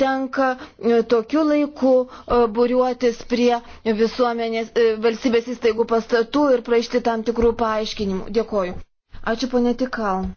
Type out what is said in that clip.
tenka e, tokiu laiku e, būriuotis prie visuomenės e, valstybės įstaigų pastatų ir prašyti tam tikrų paaiškinimų. Dėkoju. Ačiū ponė Tikal.